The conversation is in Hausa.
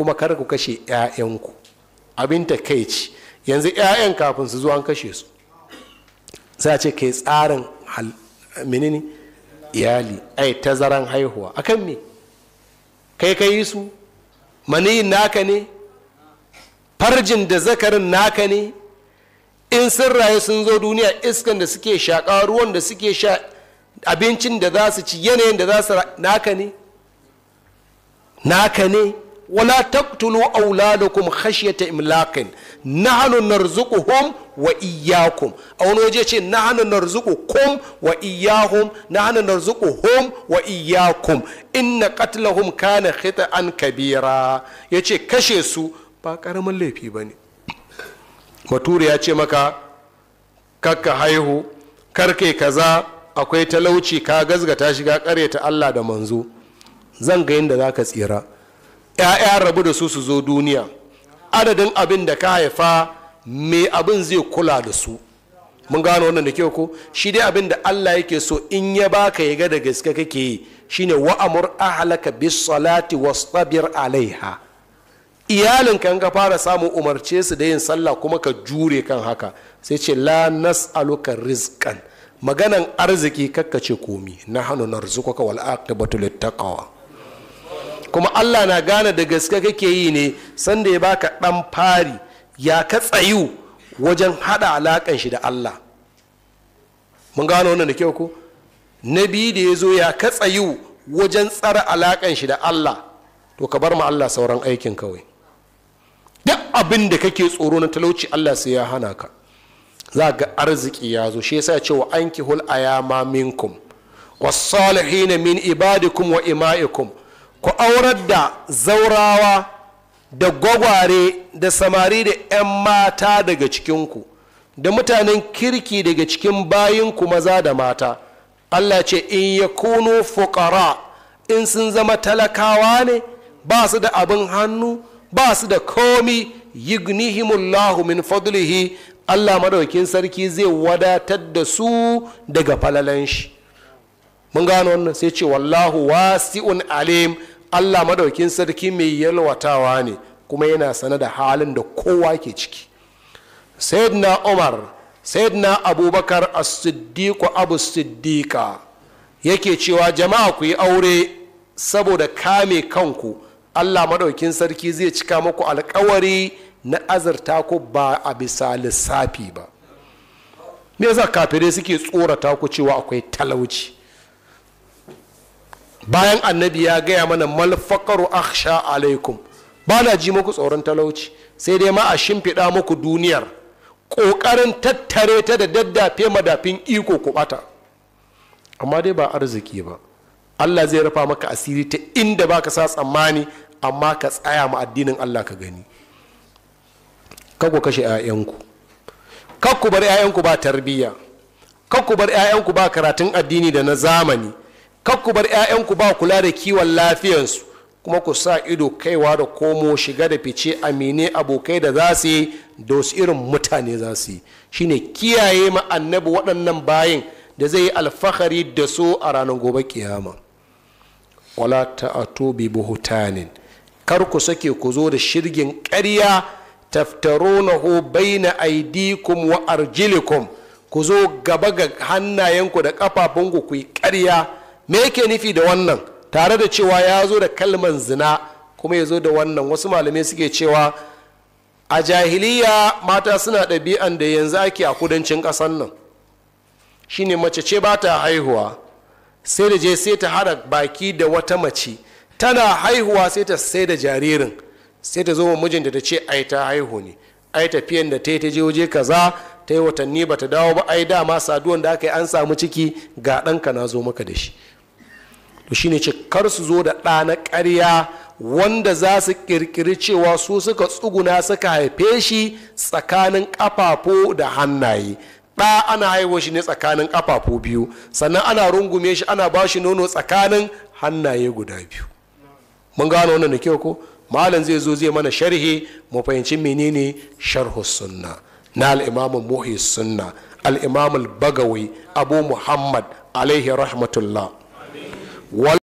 kuma kar ku kashe 'ya'yanku abin ta kai ci yanzu 'ya'yan kafin su zo kashe su za ce kai tsarin menene iyali ai tazaran haihuwa akan me kai kai su maniyin naka ne farjin da zakarin naka ne in sun rayu sun zo duniya iskan da suke shaƙa ruwan da suke sha abincin da za su ci yanayin da za su naka ne naka ne wala taqtulu auladakum khashyata imlaqin nahnu narzuquhum wa iyyakum a wani waje ce nahnu narzuqukum wa iyyahum nahnu narzuquhum wa iyyakum inna qatlahum kana khita'an kabira yace kashe su ba karamin laifi bane bature ya ce maka kakka haihu karke kaza akwai talauci ka gazgata shiga ta Allah da manzo zan ga yadda zaka tsira 'ya'ya rabu da su su zo duniya adadin abin da ka haifa me abin zai kula da su mun gano wannan da kyau ko shi dai abin da Allah yake so in ya baka ya ga da gaske kake yi shine wa'amur ahlaka bis salati wastabir alaiha iyalin kan ka fara samun umarce su da yin sallah kuma ka jure kan haka sai ce la nas'aluka rizqan maganan arziki kakkace komi na hannu narzuka wal aqibatu littaqwa kuma allah na gane da gaske kake yi ne sanda ya baka dan fari ya ka tsayu wajen hada alakan shi da allah mun gano wannan da kyau ko na biyu da ya zo ya ka tsayu wajen tsara alakan shi da allah to ka bar ma allah sauran aikin kawai duk abin da kake tsoro na talauci allah sai ya hana ka za ga arziki ya zo shi yasa cewa an hul ayama minkum wasalihina min ibadikum wa ima'ikum ku aurar da zaurawa da gwagware da samari da 'yan mata daga cikinku da mutanen kirki daga cikin ku maza da mata allah ce in ya kunu fukara in sun zama talakawa ne ba su da abin hannu ba su da komi yignihimullahu min fadlihi allah madaukin sarki zai wadatar da su daga falalan shi mun gano wannan sai ce wallahu wasi'un alim allah madaukin sarki mai yalwatawa ne kuma yana sane da halin da kowa ke ciki sayyidina umar sayyidina abubakar as-siddiq abu siddiqa yake cewa jama'a ku yi aure saboda kame kanku allah madaukin sarki zai cika muku alkawari na azurta ku ba a bisa lissafi ba me yasa kafirai suke tsorata ku cewa akwai talauci bayan annabi ya gaya mana malfakaru akhsha alaikum ba na ji muku tsoron talauci sai dai ma a shimfiɗa muku duniyar ƙoƙarin tattare ta da daddafe madafin iko ku ɓata amma dai ba arziki ba allah zai rufa maka asiri ta inda ba ka sa tsammani amma ka tsaya ma addinin allah ka gani ku kashe 'ya'yanku ku bar 'ya'yanku ba tarbiyya ku bar 'ya'yanku ba karatun addini da na zamani kar ku bar 'ya'yanku ba kula da kiwon lafiyansu kuma ku sa ido kaiwa da komo shiga da fice amine abokai da za su yi da wasu irin mutane za su yi shine kiyaye ma waɗannan bayin da zai yi alfahari da su a ranar gobe kiyama wala ta'atu bi buhutanin kar ku sake ku zo da shirgin ƙarya taftarunahu baina aidikum wa arjilikum ku zo gaba ga hannayenku da ƙafafunku ku yi ƙarya me yake nufi da wannan tare da cewa ya zo da kalman zina kuma ya zo da wannan wasu malamai suke cewa a jahiliya mata suna ɗabi'an da yanzu ake a kudancin ƙasan nan shine mace ce ba ta haihuwa sai da je sai ta hada baki da wata mace tana haihuwa sai ta sai da jaririn sai ta zo wa mijinta ta ce ai ta haihu ne ai tafiyan da ta yi ta je waje kaza ta yi watanni ba ta dawo ba ai dama saduwan da aka yi an samu ciki ga ɗanka na zo maka da shi to shine ce kar su zo da ɗa na ƙarya wanda za su ƙirƙiri cewa su suka tsuguna suka haife shi tsakanin ƙafafu da hannaye ɗa ana haihuwa shi ne tsakanin ƙafafu biyu sannan ana rungume shi ana ba shi nono tsakanin hannaye guda biyu mun gano wannan da kyau ko malam zai zo zai mana sharhi mu fahimci menene sharhu sunna na al'imamu muhi sunna al'imamu bagawi abu muhammad alaihi rahmatullah one